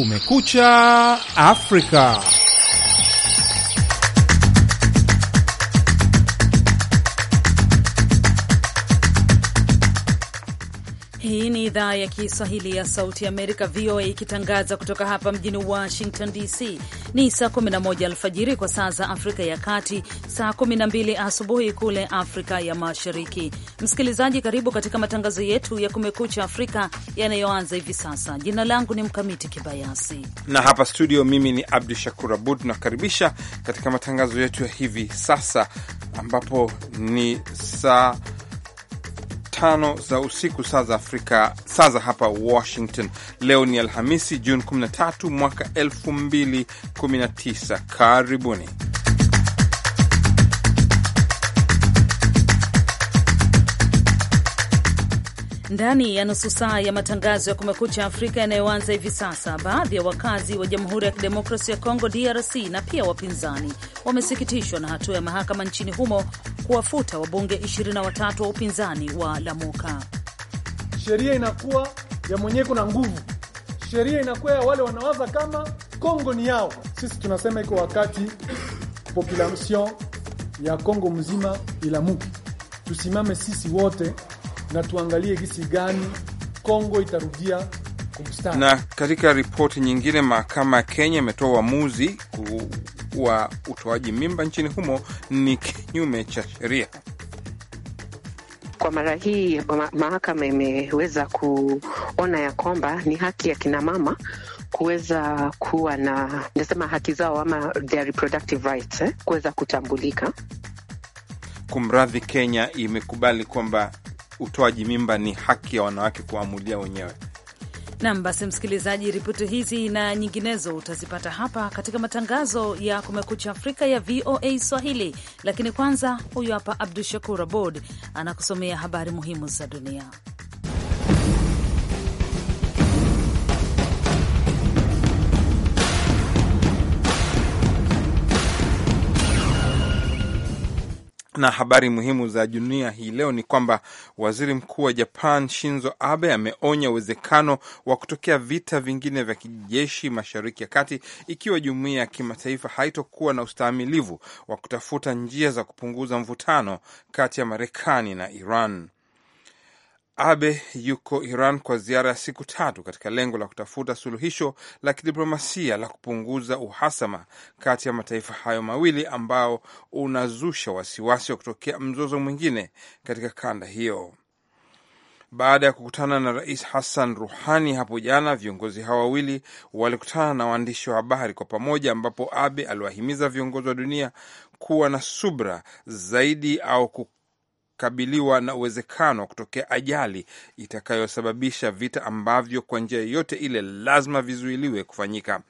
Kumekucha Afrika. Hii ni idhaa ya Kiswahili ya Sauti Amerika, VOA, ikitangaza kutoka hapa mjini Washington DC. Ni saa 11 alfajiri kwa saa za Afrika ya Kati, saa 12 asubuhi kule Afrika ya Mashariki. Msikilizaji, karibu katika matangazo yetu ya Kumekucha Afrika yanayoanza hivi sasa. Jina langu ni Mkamiti Kibayasi na hapa studio mimi ni Abdu Shakur Abud. nakaribisha katika matangazo yetu ya hivi sasa ambapo ni saa tano za usiku saa za Afrika, saa za hapa Washington. Leo ni Alhamisi, Juni 13 mwaka 2019. Karibuni. Ndani ya nusu saa ya matangazo ya Kumekucha Afrika yanayoanza hivi sasa, baadhi ya wakazi wa Jamhuri ya Kidemokrasi ya Kongo, DRC, na pia wapinzani wamesikitishwa na hatua ya mahakama nchini humo kuwafuta wabunge 23 wa upinzani wa Lamuka. Sheria inakuwa ya mwenyewe na nguvu, sheria inakuwa ya wale wanawaza kama Kongo ni yao. Sisi tunasema iko wakati populasion ya Kongo mzima ilamuki, tusimame sisi wote na tuangalie gisi gani Kongo itarudia kumstani. Na katika ripoti nyingine, mahakama ya Kenya imetoa uamuzi wa utoaji mimba nchini humo ni kinyume cha sheria. Kwa mara hii mahakama imeweza kuona ya kwamba ni haki ya kinamama kuweza kuwa na nasema haki zao ama their reproductive rights eh, kuweza kutambulika. Kumradhi, Kenya imekubali kwamba utoaji mimba ni haki ya wanawake kuamulia wenyewe. Nam basi, msikilizaji, ripoti hizi na nyinginezo utazipata hapa katika matangazo ya Kumekucha Afrika ya VOA Swahili, lakini kwanza, huyu hapa Abdu Shakur Abod anakusomea habari muhimu za dunia. Na habari muhimu za dunia hii leo ni kwamba waziri mkuu wa Japan Shinzo Abe ameonya uwezekano wa kutokea vita vingine vya kijeshi Mashariki ya Kati ikiwa jumuiya ya kimataifa haitokuwa na ustahimilivu wa kutafuta njia za kupunguza mvutano kati ya Marekani na Iran. Abe yuko Iran kwa ziara ya siku tatu katika lengo la kutafuta suluhisho la kidiplomasia la kupunguza uhasama kati ya mataifa hayo mawili ambao unazusha wasiwasi wa kutokea mzozo mwingine katika kanda hiyo. Baada ya kukutana na Rais Hassan Ruhani hapo jana, viongozi hao wawili walikutana na waandishi wa habari kwa pamoja, ambapo Abe aliwahimiza viongozi wa dunia kuwa na subra zaidi au kabiliwa na uwezekano wa kutokea ajali itakayosababisha vita ambavyo kwa njia yoyote ile lazima vizuiliwe kufanyika.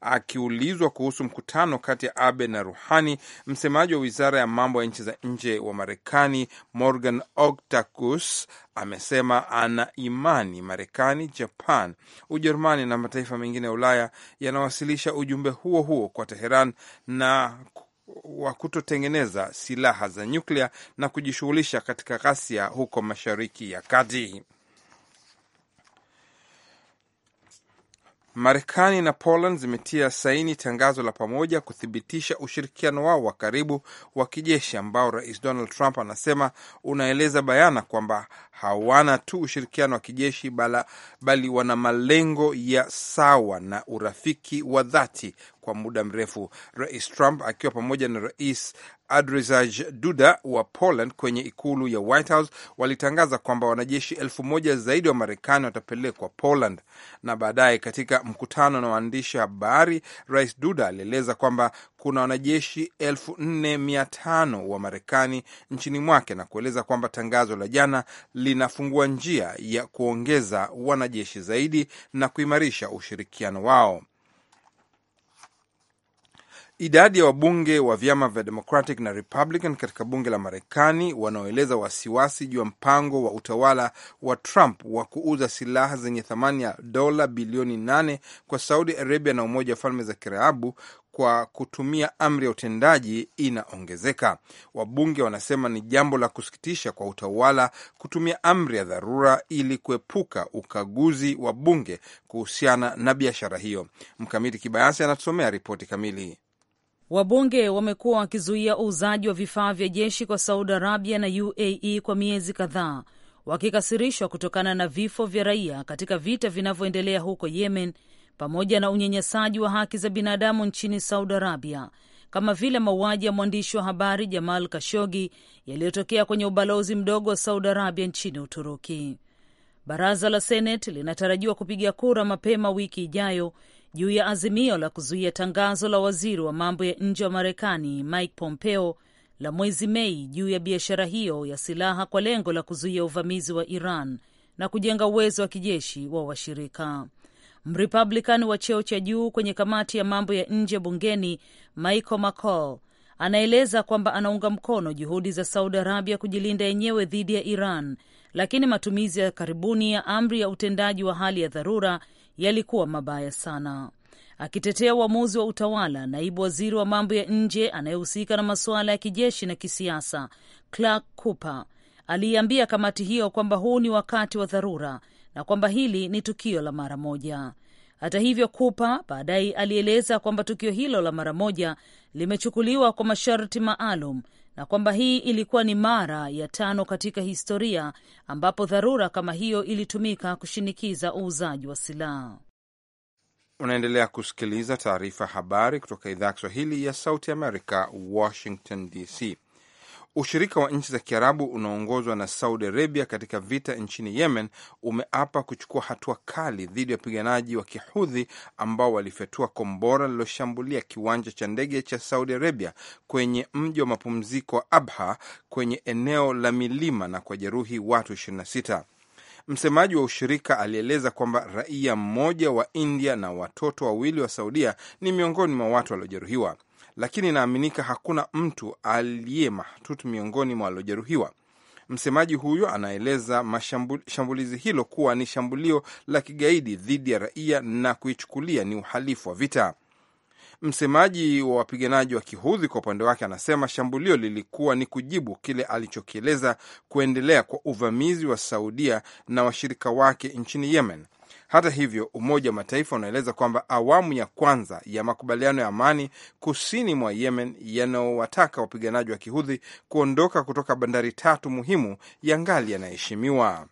Akiulizwa kuhusu mkutano kati ya Abe na Ruhani, msemaji wa wizara ya mambo ya nchi za nje wa Marekani Morgan Octakus amesema ana imani Marekani, Japan, Ujerumani na mataifa mengine ya Ulaya yanawasilisha ujumbe huo huo kwa Teheran na wa kutotengeneza silaha za nyuklia na kujishughulisha katika ghasia huko Mashariki ya Kati. Marekani na Poland zimetia saini tangazo la pamoja kuthibitisha ushirikiano wao wa karibu wa kijeshi ambao Rais Donald Trump anasema unaeleza bayana kwamba hawana tu ushirikiano wa kijeshi bala, bali wana malengo ya sawa na urafiki wa dhati kwa muda mrefu, Rais Trump akiwa pamoja na Rais Andrzej Duda wa Poland kwenye ikulu ya White House walitangaza kwamba wanajeshi elfu moja zaidi wa Marekani watapelekwa Poland. Na baadaye katika mkutano na waandishi habari, Rais Duda alieleza kwamba kuna wanajeshi elfu nne mia tano wa Marekani nchini mwake na kueleza kwamba tangazo la jana linafungua njia ya kuongeza wanajeshi zaidi na kuimarisha ushirikiano wao. Idadi ya wabunge wa vyama vya Democratic na Republican katika bunge la Marekani wanaoeleza wasiwasi juu ya mpango wa utawala wa Trump wa kuuza silaha zenye thamani ya dola bilioni nane kwa Saudi Arabia na Umoja wa Falme za Kiarabu kwa kutumia amri ya utendaji inaongezeka. Wabunge wanasema ni jambo la kusikitisha kwa utawala kutumia amri ya dharura ili kuepuka ukaguzi wa bunge kuhusiana na biashara hiyo. Mkamiti Kibayasi anatusomea ripoti kamili. Wabunge wamekuwa wakizuia uuzaji wa vifaa vya jeshi kwa Saudi Arabia na UAE kwa miezi kadhaa, wakikasirishwa kutokana na vifo vya raia katika vita vinavyoendelea huko Yemen, pamoja na unyanyasaji wa haki za binadamu nchini Saudi Arabia, kama vile mauaji ya mwandishi wa habari Jamal Kashogi yaliyotokea kwenye ubalozi mdogo wa Saudi Arabia nchini Uturuki. Baraza la Seneti linatarajiwa kupiga kura mapema wiki ijayo juu ya azimio la kuzuia tangazo la waziri wa mambo ya nje wa Marekani Mike Pompeo la mwezi Mei juu ya biashara hiyo ya silaha kwa lengo la kuzuia uvamizi wa Iran na kujenga uwezo wa kijeshi wa washirika. Mrepublican wa cheo cha juu kwenye kamati ya mambo ya nje bungeni Michael McCaul anaeleza kwamba anaunga mkono juhudi za Saudi Arabia kujilinda yenyewe dhidi ya Iran, lakini matumizi ya karibuni ya amri ya utendaji wa hali ya dharura yalikuwa mabaya sana. Akitetea uamuzi wa utawala, naibu waziri wa mambo ya nje anayehusika na masuala ya kijeshi na kisiasa, Clark Cooper, aliiambia kamati hiyo kwamba huu ni wakati wa dharura na kwamba hili ni tukio la mara moja. Hata hivyo, Cooper baadaye alieleza kwamba tukio hilo la mara moja limechukuliwa kwa masharti maalum na kwamba hii ilikuwa ni mara ya tano katika historia ambapo dharura kama hiyo ilitumika kushinikiza uuzaji wa silaha. Unaendelea kusikiliza taarifa habari kutoka idhaa ya Kiswahili ya Sauti Amerika, Washington DC. Ushirika wa nchi za Kiarabu unaoongozwa na Saudi Arabia katika vita nchini Yemen umeapa kuchukua hatua kali dhidi ya wapiganaji wa Kihudhi ambao walifyatua kombora lililoshambulia kiwanja cha ndege cha Saudi Arabia kwenye mji wa mapumziko wa Abha kwenye eneo la milima na kwa jeruhi watu 26. Msemaji wa ushirika alieleza kwamba raia mmoja wa India na watoto wawili wa Saudia ni miongoni mwa watu waliojeruhiwa lakini inaaminika hakuna mtu aliye mahututi miongoni mwa waliojeruhiwa. Msemaji huyo anaeleza shambulizi hilo kuwa ni shambulio la kigaidi dhidi ya raia na kuichukulia ni uhalifu wa vita. Msemaji wa wapiganaji wa kihudhi kwa upande wake anasema shambulio lilikuwa ni kujibu kile alichokieleza kuendelea kwa uvamizi wa Saudia na washirika wake nchini Yemen hata hivyo, Umoja wa Mataifa unaeleza kwamba awamu ya kwanza ya makubaliano ya amani kusini mwa Yemen yanayowataka wapiganaji wa kihudhi kuondoka kutoka bandari tatu muhimu ya ngali yanaheshimiwa.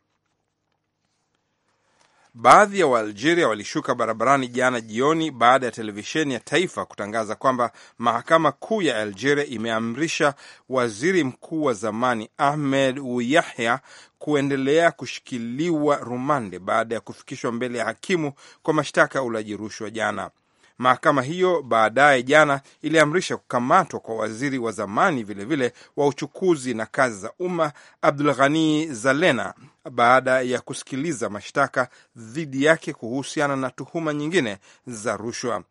Baadhi ya Waalgeria walishuka barabarani jana jioni baada ya televisheni ya taifa kutangaza kwamba mahakama kuu ya Algeria imeamrisha waziri mkuu wa zamani Ahmed uyahya kuendelea kushikiliwa rumande baada ya kufikishwa mbele ya hakimu kwa mashtaka ya ulaji rushwa jana. Mahakama hiyo baadaye jana iliamrisha kukamatwa kwa waziri wa zamani vilevile vile wa uchukuzi na kazi za umma Abdul Ghani Zalena baada ya kusikiliza mashtaka dhidi yake kuhusiana na tuhuma nyingine za rushwa.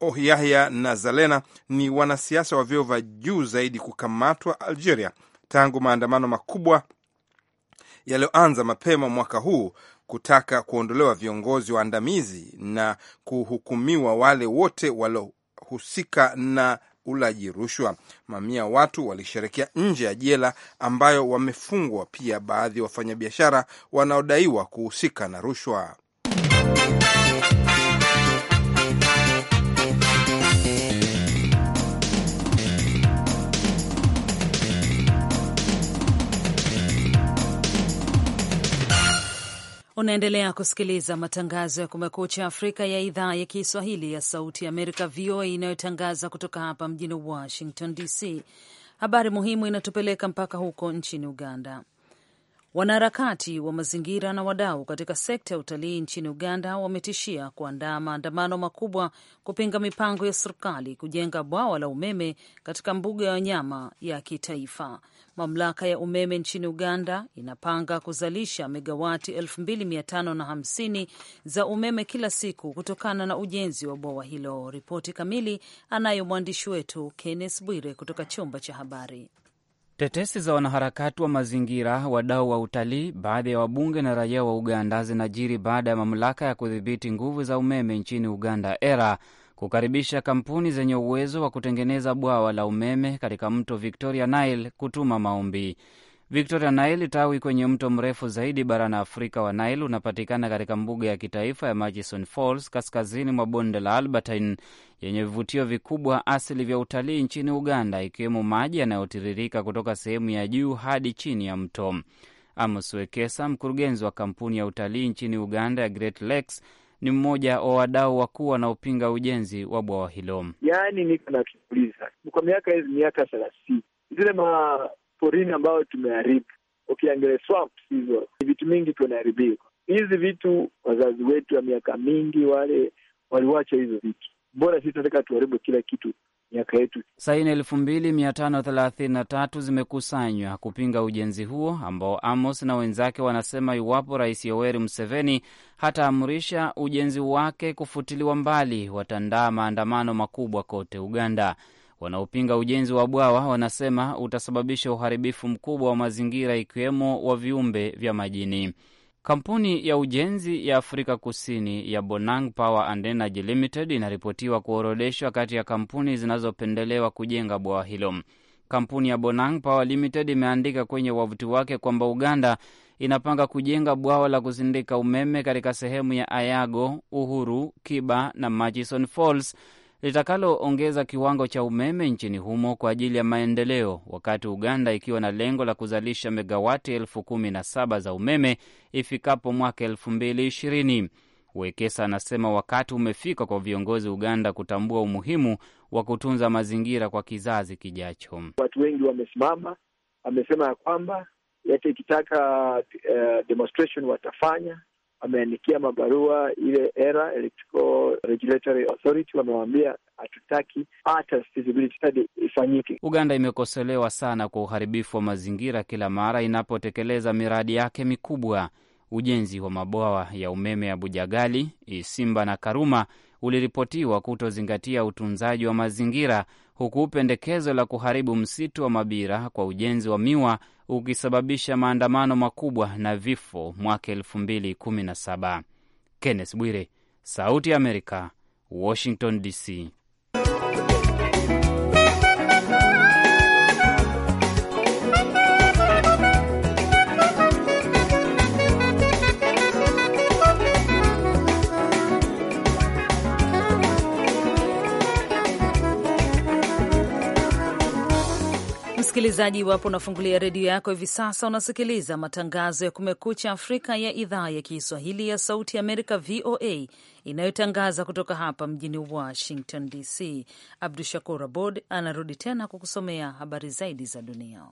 Ohyahya na Zalena ni wanasiasa wa vyeo vya juu zaidi kukamatwa Algeria tangu maandamano makubwa yaliyoanza mapema mwaka huu kutaka kuondolewa viongozi waandamizi na kuhukumiwa wale wote waliohusika na ulaji rushwa. Mamia watu walisherekea nje ya jela ambayo wamefungwa pia baadhi ya wafanyabiashara wanaodaiwa kuhusika na rushwa. Unaendelea kusikiliza matangazo ya Kumekucha Afrika ya idhaa ya Kiswahili ya Sauti Amerika, VOA, inayotangaza kutoka hapa mjini Washington DC. Habari muhimu inatupeleka mpaka huko nchini Uganda. Wanaharakati wa mazingira na wadau katika sekta ya utalii nchini Uganda wametishia kuandaa maandamano makubwa kupinga mipango ya serikali kujenga bwawa la umeme katika mbuga ya wanyama ya kitaifa. Mamlaka ya umeme nchini Uganda inapanga kuzalisha megawati 2550 za umeme kila siku kutokana na ujenzi wa bwawa hilo. Ripoti kamili anayo mwandishi wetu Kenneth Bwire kutoka chumba cha habari. Tetesi za wanaharakati wa mazingira, wadau wa utalii, baadhi ya wabunge na raia wa Uganda zinajiri baada ya mamlaka ya kudhibiti nguvu za umeme nchini Uganda ERA kukaribisha kampuni zenye uwezo wa kutengeneza bwawa la umeme katika mto Victoria Nile kutuma maombi. Victoria Nile, tawi kwenye mto mrefu zaidi barani Afrika wa Nile, unapatikana katika mbuga ya kitaifa ya Murchison Falls kaskazini mwa bonde la Albertine yenye vivutio vikubwa asili vya utalii nchini Uganda, ikiwemo maji yanayotiririka kutoka sehemu ya juu hadi chini ya mto. Amos Wekesa, mkurugenzi wa kampuni ya utalii nchini Uganda ya Great Lakes, ni mmoja wa wadau wakuu wanaopinga ujenzi wa bwawa hilo. Yaani niko nakiuliza kwa miaka hizi miaka thelathini zile maporini ambayo tumeharibu, ukiangalia swamps hizo ni vitu mingi tunaharibiwa. Hizi vitu wazazi wetu wa miaka mingi wale waliwacha hizo vitu, mbona sisi tunataka tuharibu kila kitu? miaka yetu. Saini elfu mbili mia tano thelathini na tatu zimekusanywa kupinga ujenzi huo ambao Amos na wenzake wanasema iwapo Rais Yoweri Museveni hataamrisha ujenzi wake kufutiliwa mbali, watandaa maandamano makubwa kote Uganda. Wanaopinga ujenzi wa bwawa wanasema utasababisha uharibifu mkubwa wa mazingira ikiwemo wa viumbe vya majini. Kampuni ya ujenzi ya Afrika Kusini ya Bonang Power and Energy Limited inaripotiwa kuorodeshwa kati ya kampuni zinazopendelewa kujenga bwawa hilo. Kampuni ya Bonang Power Limited imeandika kwenye wavuti wake kwamba Uganda inapanga kujenga bwawa la kusindika umeme katika sehemu ya Ayago, Uhuru, Kiba na Murchison Falls litakaloongeza kiwango cha umeme nchini humo kwa ajili ya maendeleo, wakati Uganda ikiwa na lengo la kuzalisha megawati elfu kumi na saba za umeme ifikapo mwaka elfu mbili ishirini. Wekesa anasema wakati umefika kwa viongozi Uganda kutambua umuhimu wa kutunza mazingira kwa kizazi kijacho. Watu wengi wamesimama, amesema ya kwamba yake ikitaka uh, demonstration watafanya wameandikia mabarua ile ERA, Electrical Regulatory Authority, wamewaambia hatutaki hata feasibility study ifanyike. Uganda imekosolewa sana kwa uharibifu wa mazingira kila mara inapotekeleza miradi yake mikubwa. Ujenzi wa mabwawa ya umeme ya Bujagali, Isimba na Karuma uliripotiwa kutozingatia utunzaji wa mazingira huku pendekezo la kuharibu msitu wa Mabira kwa ujenzi wa miwa ukisababisha maandamano makubwa na vifo mwaka saba. Kenneth Bwire, Sauti ya Amerika, Washington DC. Msikilizaji, iwapo unafungulia redio yako hivi sasa, unasikiliza matangazo ya Kumekucha Afrika ya idhaa ya Kiswahili ya Sauti Amerika, VOA, inayotangaza kutoka hapa mjini Washington DC. Abdu Shakur Abod anarudi tena kukusomea habari zaidi za dunia.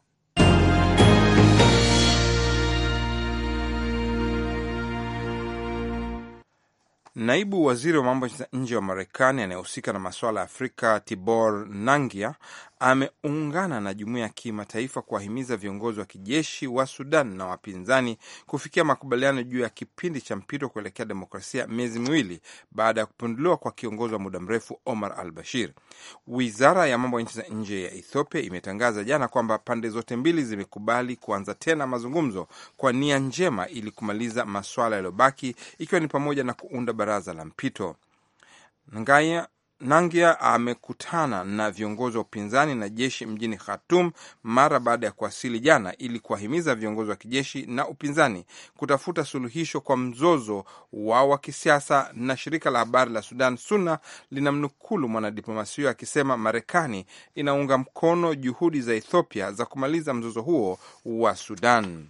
Naibu waziri wa mambo ya nje wa Marekani anayehusika na masuala ya Afrika Tibor Nangia ameungana na jumuiya ya kimataifa kuwahimiza viongozi wa kijeshi wa Sudan na wapinzani kufikia makubaliano juu ya kipindi cha mpito kuelekea demokrasia, miezi miwili baada ya kupinduliwa kwa kiongozi wa muda mrefu Omar al Bashir. Wizara ya mambo ya nchi za nje ya Ethiopia imetangaza jana kwamba pande zote mbili zimekubali kuanza tena mazungumzo kwa nia njema ili kumaliza maswala yaliyobaki, ikiwa ni pamoja na kuunda baraza la mpito. Ngaya Nangia amekutana na viongozi wa upinzani na jeshi mjini Khartoum mara baada ya kuwasili jana ili kuwahimiza viongozi wa kijeshi na upinzani kutafuta suluhisho kwa mzozo wao wa kisiasa. Na shirika la habari la Sudan Suna linamnukulu mwanadiplomasia huyo akisema Marekani inaunga mkono juhudi za Ethiopia za kumaliza mzozo huo wa Sudan.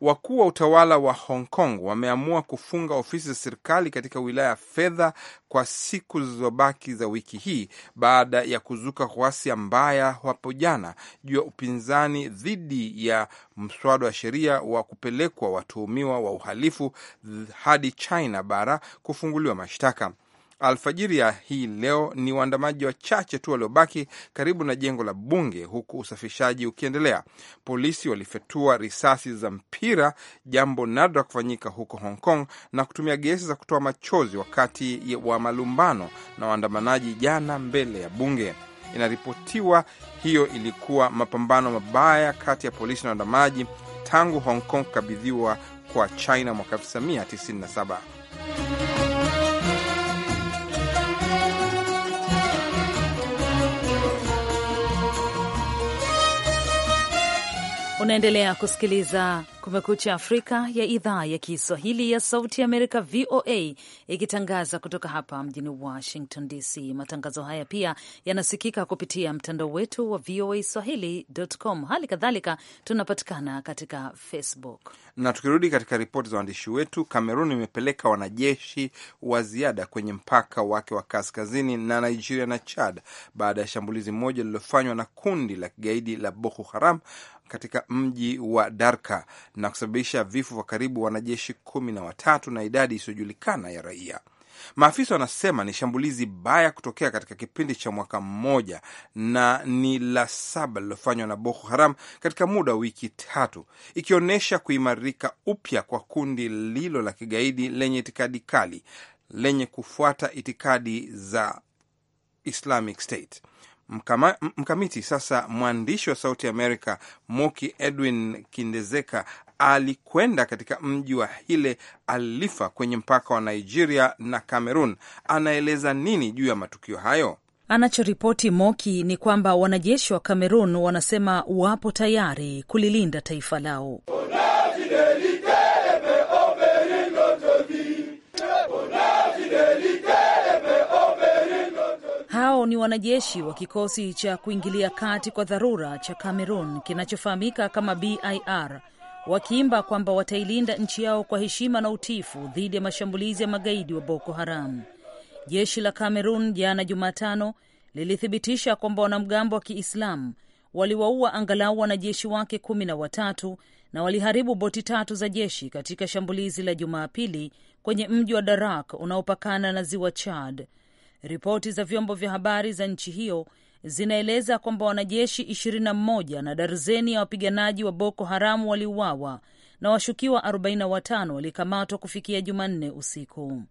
Wakuu wa utawala wa Hong Kong wameamua kufunga ofisi za serikali katika wilaya ya fedha kwa siku zilizobaki za wiki hii baada ya kuzuka kwa ghasia mbaya hapo jana juu ya upinzani dhidi ya mswada wa sheria wa kupelekwa watuhumiwa wa uhalifu hadi China bara kufunguliwa mashtaka. Alfajiri ya hii leo ni waandamaji wachache tu waliobaki karibu na jengo la bunge, huku usafishaji ukiendelea. Polisi walifyatua risasi za mpira, jambo nadra kufanyika huko Hong Kong, na kutumia gesi za kutoa machozi wakati wa malumbano na waandamanaji jana mbele ya bunge. Inaripotiwa hiyo ilikuwa mapambano mabaya kati ya polisi na waandamaji tangu Hong Kong kukabidhiwa kwa China mwaka 1997. Unaendelea kusikiliza Kumekucha Afrika ya idhaa ya Kiswahili ya Sauti ya Amerika, VOA, ikitangaza kutoka hapa mjini Washington DC. Matangazo haya pia yanasikika kupitia mtandao wetu wa VOA Swahili.com. Hali kadhalika tunapatikana katika Facebook. Na tukirudi katika ripoti za waandishi wetu, Kamerun imepeleka wanajeshi wa ziada kwenye mpaka wake wa kaskazini na Nigeria na Chad baada ya shambulizi moja lililofanywa na kundi la kigaidi la Boko Haram katika mji wa Darka na kusababisha vifo vya karibu wanajeshi kumi na watatu na idadi isiyojulikana ya raia. Maafisa wanasema ni shambulizi baya kutokea katika kipindi cha mwaka mmoja na ni la saba lililofanywa na Boko Haram katika muda wa wiki tatu, ikionyesha kuimarika upya kwa kundi lilo la kigaidi lenye itikadi kali lenye kufuata itikadi za Islamic State. Mkama, mkamiti sasa. Mwandishi wa Sauti Amerika Moki Edwin Kindezeka alikwenda katika mji wa Hile Alifa kwenye mpaka wa Nigeria na Cameroon. Anaeleza nini juu ya matukio hayo? Anachoripoti Moki ni kwamba wanajeshi wa Cameroon wanasema wapo tayari kulilinda taifa lao. wanajeshi wa kikosi cha kuingilia kati kwa dharura cha Cameroon kinachofahamika kama BIR wakiimba kwamba watailinda nchi yao kwa heshima na utifu dhidi ya mashambulizi ya magaidi wa Boko Haram. Jeshi la Cameroon jana Jumatano lilithibitisha kwamba wanamgambo wa Kiislamu waliwaua angalau wanajeshi wake kumi na watatu na waliharibu boti tatu za jeshi katika shambulizi la Jumapili kwenye mji wa Darak unaopakana na ziwa Chad. Ripoti za vyombo vya habari za nchi hiyo zinaeleza kwamba wanajeshi 21 na darzeni ya wapiganaji wa Boko Haramu waliuawa na washukiwa 45 walikamatwa kufikia Jumanne usiku.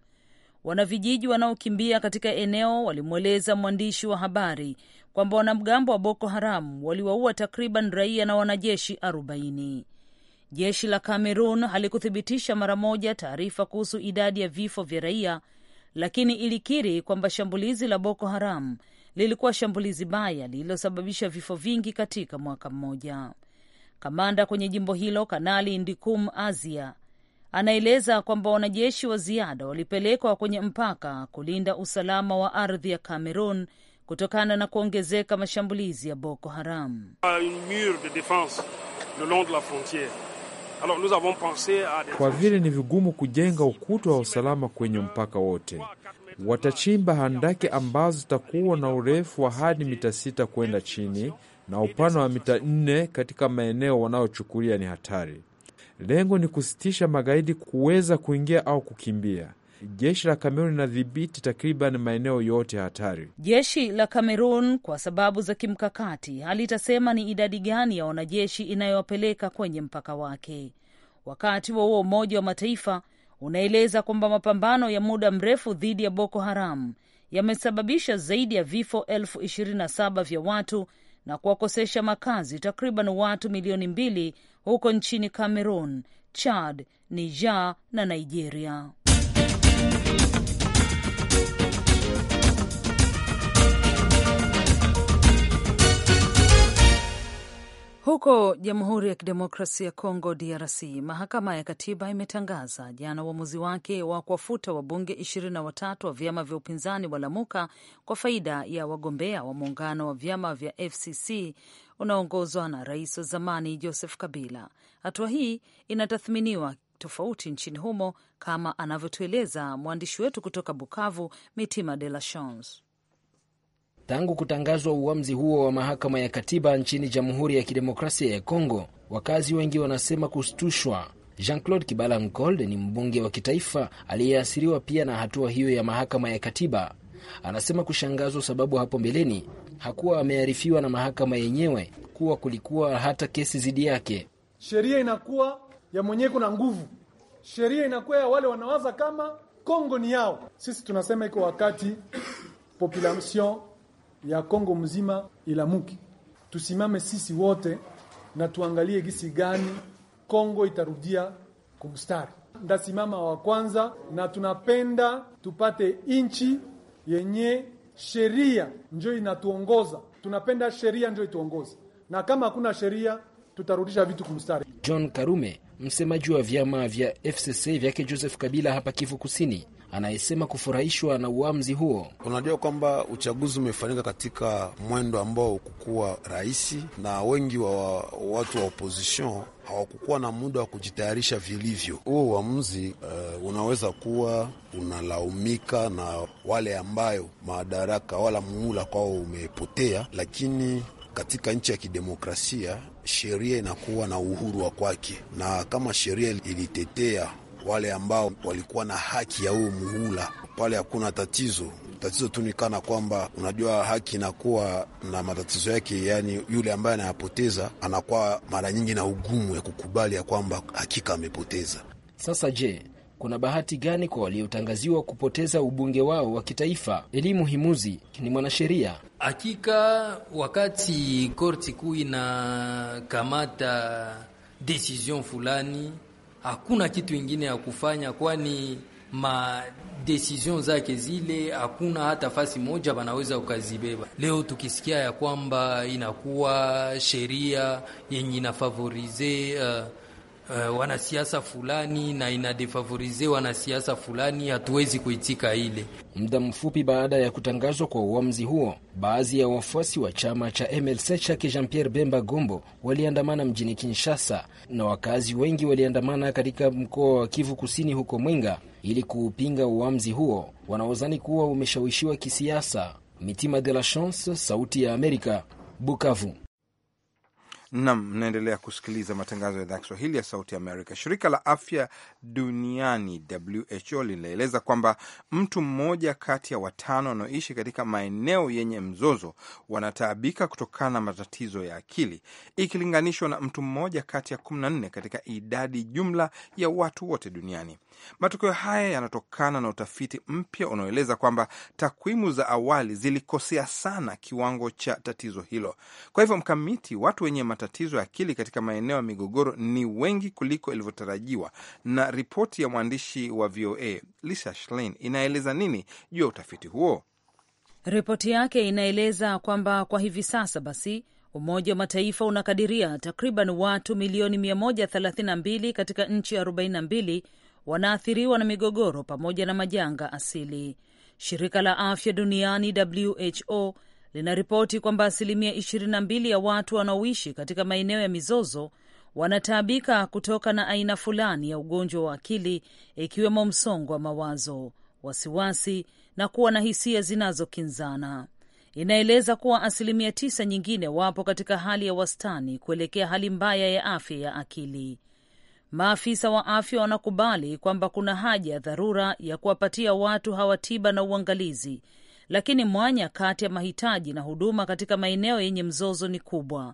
Wanavijiji wanaokimbia katika eneo walimweleza mwandishi wa habari kwamba wanamgambo wa Boko Haramu waliwaua takriban raia na wanajeshi 40. Jeshi la Cameroon halikuthibitisha mara moja taarifa kuhusu idadi ya vifo vya raia lakini ilikiri kwamba shambulizi la Boko Haram lilikuwa shambulizi baya lililosababisha vifo vingi katika mwaka mmoja. Kamanda kwenye jimbo hilo Kanali Ndikum Azia anaeleza kwamba wanajeshi wa ziada walipelekwa kwenye mpaka kulinda usalama wa ardhi ya Cameroon kutokana na kuongezeka mashambulizi ya Boko Haram. Kwa vile ni vigumu kujenga ukuta wa usalama kwenye mpaka wote, watachimba handaki ambazo zitakuwa na urefu wa hadi mita sita kwenda chini na upana wa mita nne katika maeneo wanayochukulia ni hatari. Lengo ni kusitisha magaidi kuweza kuingia au kukimbia. Jeshi la Kamerun linadhibiti takriban maeneo yote hatari. Jeshi la Kamerun kwa sababu za kimkakati halitasema ni idadi gani ya wanajeshi inayowapeleka kwenye mpaka wake. Wakati wa huo Umoja wa Mataifa unaeleza kwamba mapambano ya muda mrefu dhidi ya Boko Haram yamesababisha zaidi ya vifo elfu ishirini na saba vya watu na kuwakosesha makazi takriban watu milioni mbili huko nchini Cameroon, Chad, Niger na Nigeria. Huko Jamhuri ya Kidemokrasia ya Kongo, DRC, mahakama ya katiba imetangaza jana uamuzi wake wa kuwafuta wabunge 23 wa vyama vya upinzani wa Lamuka kwa faida ya wagombea wa muungano wa vyama vya FCC unaoongozwa na rais wa zamani Joseph Kabila. Hatua hii inatathminiwa tofauti nchini humo, kama anavyotueleza mwandishi wetu kutoka Bukavu, Mitima de la Chance. Tangu kutangazwa uamuzi huo wa mahakama ya katiba nchini Jamhuri ya Kidemokrasia ya Kongo, wakazi wengi wanasema kustushwa. Jean-Claude Kibala Mkolde ni mbunge wa kitaifa aliyeathiriwa pia na hatua hiyo ya mahakama ya katiba. Anasema kushangazwa, sababu hapo mbeleni hakuwa amearifiwa na mahakama yenyewe kuwa kulikuwa hata kesi dhidi yake. Sheria inakuwa ya mwenyewe kuna nguvu, sheria inakuwa ya wale wanawaza kama Kongo ni yao. Sisi tunasema iko wakati population ya Kongo mzima ilamuki, tusimame sisi wote na tuangalie gisi gani Kongo itarudia kumstari. Ndasimama wa kwanza, na tunapenda tupate inchi yenye sheria njo inatuongoza. Tunapenda sheria njo ituongoze, na kama hakuna sheria tutarudisha vitu kumstari. John Karume msemaji wa vyama vya FCC vyake Joseph Kabila hapa Kivu Kusini anayesema kufurahishwa na uamuzi huo. Unajua kwamba uchaguzi umefanyika katika mwendo ambao ukukuwa rahisi, na wengi wa watu wa opposition hawakukuwa na muda wa kujitayarisha vilivyo. Huo uamuzi uh, unaweza kuwa unalaumika na wale ambayo madaraka wala muhula kwao umepotea, lakini katika nchi ya kidemokrasia sheria inakuwa na uhuru wa kwake, na kama sheria ilitetea wale ambao walikuwa na haki ya huo muhula pale, hakuna tatizo. Tatizo tu ni kana kwamba unajua, haki inakuwa na matatizo yake, yani yule ambaye anayapoteza anakuwa mara nyingi na ugumu ya kukubali ya kwamba hakika amepoteza. Sasa je, kuna bahati gani kwa waliotangaziwa kupoteza ubunge wao wa kitaifa? Elimu Himuzi ni mwanasheria. Hakika wakati korti kuu inakamata decision fulani, hakuna kitu ingine ya kufanya, kwani ma decision zake zile hakuna hata fasi moja wanaweza ukazibeba. Leo tukisikia ya kwamba inakuwa sheria yenye inafavorize uh, uh, wanasiasa fulani na inadefavorize wanasiasa fulani, hatuwezi kuitika ile. Muda mfupi baada ya kutangazwa kwa uamuzi huo, baadhi ya wafuasi wa chama cha MLC chake Jean Pierre Bemba Gombo waliandamana mjini Kinshasa, na wakazi wengi waliandamana katika mkoa wa Kivu Kusini huko Mwenga ili kuupinga uamuzi huo wanaozani kuwa umeshawishiwa kisiasa. Mitima de la Chance, Sauti ya Amerika, Bukavu. Nam, mnaendelea kusikiliza matangazo ya idhaa ya Kiswahili ya Sauti Amerika. Shirika la Afya Duniani, WHO, linaeleza kwamba mtu mmoja kati ya watano wanaoishi katika maeneo yenye mzozo wanataabika kutokana na matatizo ya akili, ikilinganishwa na mtu mmoja kati ya 14 katika idadi jumla ya watu wote duniani. Matokeo haya yanatokana na utafiti mpya unaoeleza kwamba takwimu za awali zilikosea sana kiwango cha tatizo hilo. Kwa hivyo, mkamiti, watu wenye matatizo ya akili katika maeneo ya migogoro ni wengi kuliko ilivyotarajiwa, na ripoti ya mwandishi wa VOA Lisa Schlein inaeleza nini juu ya utafiti huo? Ripoti yake inaeleza kwamba kwa hivi sasa basi Umoja wa Mataifa unakadiria takriban watu milioni 132 katika nchi wanaathiriwa na migogoro pamoja na majanga asili. Shirika la afya duniani WHO linaripoti kwamba asilimia 22 ya watu wanaoishi katika maeneo ya mizozo wanataabika kutoka na aina fulani ya ugonjwa wa akili, ikiwemo msongo wa mawazo, wasiwasi na kuwa na hisia zinazokinzana. Inaeleza kuwa asilimia tisa nyingine wapo katika hali ya wastani kuelekea hali mbaya ya afya ya akili. Maafisa wa afya wanakubali kwamba kuna haja ya dharura ya kuwapatia watu hawa tiba na uangalizi, lakini mwanya kati ya mahitaji na huduma katika maeneo yenye mzozo ni kubwa.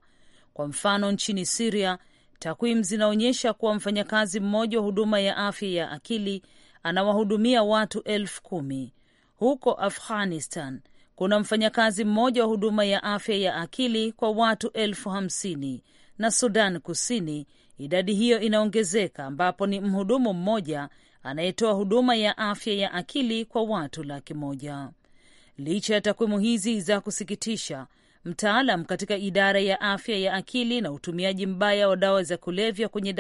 Kwa mfano, nchini Siria, takwimu zinaonyesha kuwa mfanyakazi mmoja wa huduma ya afya ya akili anawahudumia watu elfu kumi. Huko Afghanistan kuna mfanyakazi mmoja wa huduma ya afya ya akili kwa watu elfu hamsini na Sudan Kusini Idadi hiyo inaongezeka ambapo ni mhudumu mmoja anayetoa huduma ya afya ya akili kwa watu laki moja. Licha ya takwimu hizi za kusikitisha, mtaalam katika idara ya afya ya akili na utumiaji mbaya wa dawa za kulevya kwenye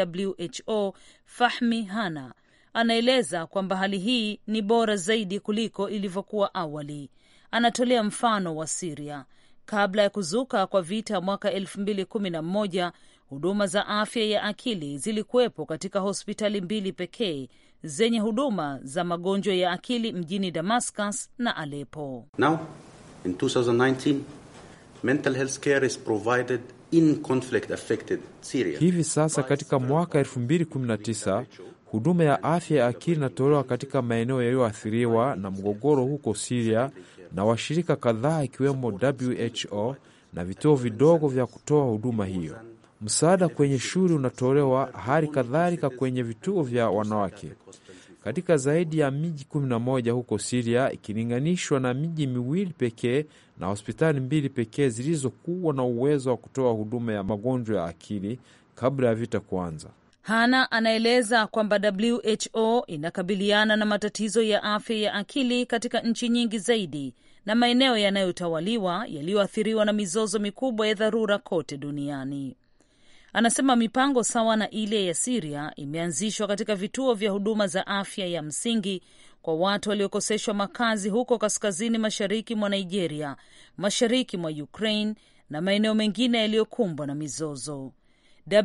WHO Fahmi Hana anaeleza kwamba hali hii ni bora zaidi kuliko ilivyokuwa awali. Anatolea mfano wa Siria kabla ya kuzuka kwa vita mwaka elfu mbili kumi na moja huduma za afya ya akili zilikuwepo katika hospitali mbili pekee zenye huduma za magonjwa ya akili mjini Damascus na Aleppo. Now, in 2019, mental health care is provided in conflict affected Syria. Hivi sasa katika mwaka 2019 huduma ya afya ya akili inatolewa katika maeneo yaliyoathiriwa na mgogoro huko Siria na washirika kadhaa ikiwemo WHO na vituo vidogo vya kutoa huduma hiyo. Msaada kwenye shule unatolewa, hali kadhalika kwenye vituo vya wanawake katika zaidi ya miji 11 huko Siria ikilinganishwa na miji miwili pekee na hospitali mbili pekee zilizokuwa na uwezo wa kutoa huduma ya magonjwa ya akili kabla ya vita kuanza. Hana anaeleza kwamba WHO inakabiliana na matatizo ya afya ya akili katika nchi nyingi zaidi na maeneo yanayotawaliwa yaliyoathiriwa na mizozo mikubwa ya dharura kote duniani. Anasema mipango sawa na ile ya Siria imeanzishwa katika vituo vya huduma za afya ya msingi kwa watu waliokoseshwa makazi huko kaskazini mashariki mwa Nigeria, mashariki mwa Ukraine na maeneo mengine yaliyokumbwa na mizozo.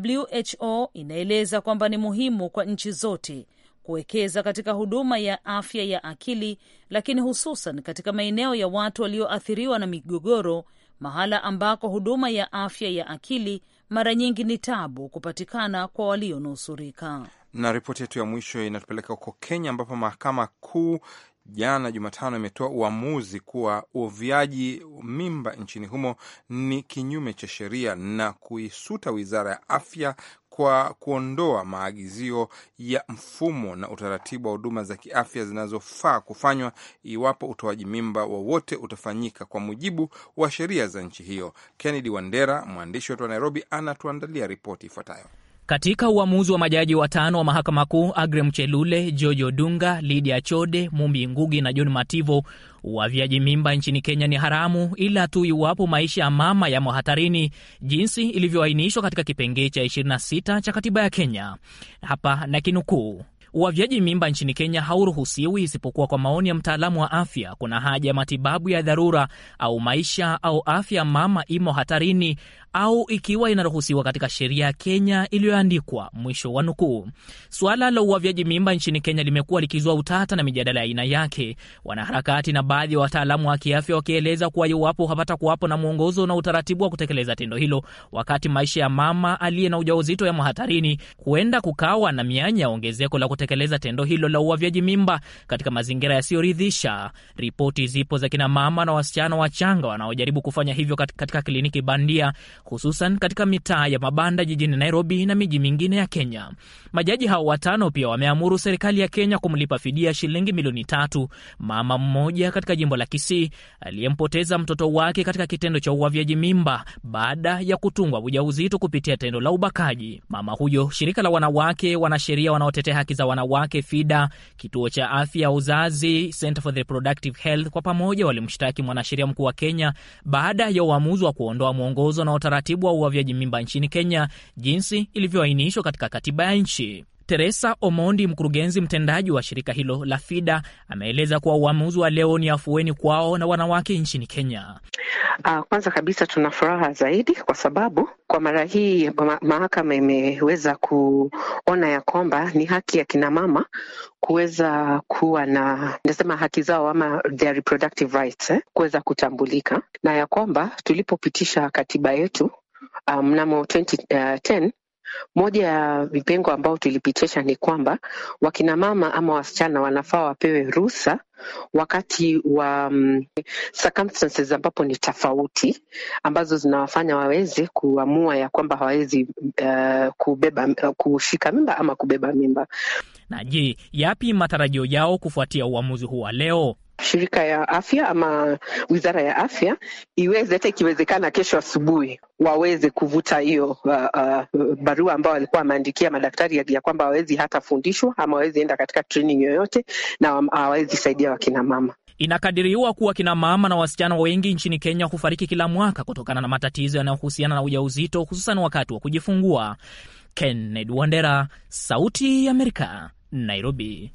WHO inaeleza kwamba ni muhimu kwa nchi zote kuwekeza katika huduma ya afya ya akili, lakini hususan katika maeneo ya watu walioathiriwa na migogoro mahala ambako huduma ya afya ya akili mara nyingi ni tabu kupatikana kwa walionusurika. Na ripoti yetu ya mwisho inatupeleka huko Kenya, ambapo mahakama kuu jana Jumatano imetoa uamuzi kuwa uoviaji mimba nchini humo ni kinyume cha sheria na kuisuta wizara ya afya kwa kuondoa maagizio ya mfumo na utaratibu wa huduma za kiafya zinazofaa kufanywa iwapo utoaji mimba wowote utafanyika kwa mujibu wa sheria za nchi hiyo. Kennedy Wandera, mwandishi wetu wa Nairobi, anatuandalia ripoti ifuatayo. Katika uamuzi wa majaji watano wa mahakama kuu Agre Mchelule, George Odunga, lidia Chode, Mumbi Ngugi na John Mativo, uavyaji mimba nchini Kenya ni haramu ila tu iwapo maisha ya mama yamo hatarini, jinsi ilivyoainishwa katika kipengee cha 26 cha katiba ya Kenya. Hapa na kinukuu Uavyaji mimba nchini Kenya hauruhusiwi isipokuwa kwa maoni ya mtaalamu wa afya, kuna haja ya matibabu ya dharura au maisha au afya mama imo hatarini, au ikiwa inaruhusiwa katika sheria ya Kenya iliyoandikwa, mwisho wa nukuu. Suala la uavyaji mimba nchini Kenya limekuwa likizua utata na mijadala ya aina yake, wanaharakati na baadhi ya wataalamu wa kiafya wakieleza kuwa iwapo hapata kuwapo na mwongozo na utaratibu wa kutekeleza tendo hilo, wakati maisha ya mama aliye na ujauzito ya mahatarini, huenda kukawa na mianya ya ongezeko la kutekeleza tendo hilo la uavyaji mimba katika mazingira yasiyoridhisha. Ripoti zipo za kina mama na wasichana wachanga wanaojaribu kufanya hivyo katika kliniki bandia hususan katika mitaa ya mabanda jijini Nairobi na miji mingine ya Kenya. Majaji hao watano pia wameamuru serikali ya Kenya kumlipa fidia shilingi milioni tatu mama mmoja katika jimbo la Kisii aliyempoteza mtoto wake katika kitendo cha uavyaji mimba baada ya kutungwa ujauzito kupitia tendo la ubakaji. Mama huyo, shirika la wanawake wanasheria wanaotetea haki za wanawake FIDA, kituo cha afya ya uzazi Center for the Reproductive Health, kwa pamoja walimshtaki mwanasheria mkuu wa Kenya baada ya uamuzi wa kuondoa mwongozo na utaratibu wa uavyaji mimba nchini Kenya jinsi ilivyoainishwa katika katiba ya nchi. Teresa Omondi, mkurugenzi mtendaji wa shirika hilo la FIDA, ameeleza kuwa uamuzi wa leo ni afueni kwao na wanawake nchini Kenya. Uh, kwanza kabisa tuna furaha zaidi kwa sababu kwa mara hii ma mahakama imeweza kuona ya kwamba ni haki ya kinamama kuweza kuwa na nasema haki zao ama their reproductive rights eh, kuweza kutambulika na ya kwamba tulipopitisha katiba yetu ah, mnamo um, 2010 ah, moja ya vipengo ambao tulipitisha ni kwamba wakinamama ama wasichana wanafaa wapewe ruhusa wakati wa um, circumstances ambapo ni tofauti ambazo zinawafanya waweze kuamua ya kwamba hawawezi uh, kubeba uh, kushika mimba ama kubeba mimba. Na je, yapi matarajio yao kufuatia uamuzi huu wa leo? shirika ya afya ama wizara ya afya iweze hata ikiwezekana kesho asubuhi waweze kuvuta hiyo uh, uh, barua ambao walikuwa wameandikia madaktari ya, ya kwamba hawawezi hata fundishwa ama hawawezi enda katika training yoyote na hawawezi saidia wakina mama. Inakadiriwa kuwa kina mama na wasichana wengi nchini Kenya hufariki kila mwaka kutokana na matatizo yanayohusiana na ujauzito hususan wakati wa kujifungua. Kenneth Wandera, Sauti ya Amerika, Nairobi.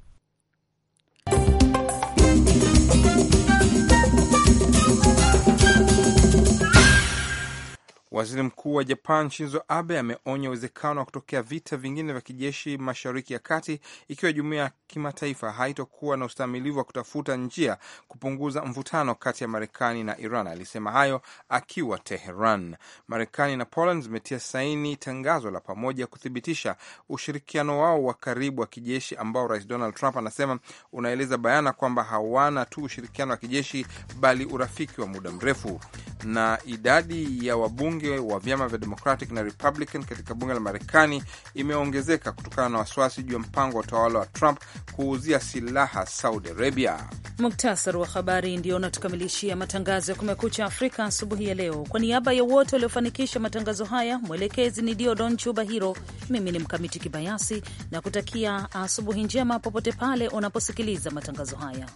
Waziri Mkuu wa Japan Shinzo Abe ameonya uwezekano wa kutokea vita vingine vya kijeshi Mashariki ya Kati ikiwa jumuiya ya kimataifa haitokuwa na ustahimilivu wa kutafuta njia kupunguza mvutano kati ya Marekani na Iran. Alisema hayo akiwa Teheran. Marekani na Poland zimetia saini tangazo la pamoja kuthibitisha ushirikiano wao wa karibu wa kijeshi ambao Rais Donald Trump anasema unaeleza bayana kwamba hawana tu ushirikiano wa kijeshi bali urafiki wa muda mrefu. Na idadi ya wabunge wabunge wa vyama vya Democratic na Republican katika bunge la Marekani imeongezeka kutokana na wasiwasi juu ya mpango wa utawala wa Trump kuuzia silaha Saudi Arabia. Muktasari wa habari ndio unatukamilishia matangazo ya Kumekucha Afrika asubuhi ya leo. Kwa niaba ya wote waliofanikisha matangazo haya, mwelekezi ni Diodon Chuba Hiro, mimi ni Mkamiti Kibayasi na kutakia asubuhi njema popote pale unaposikiliza matangazo haya.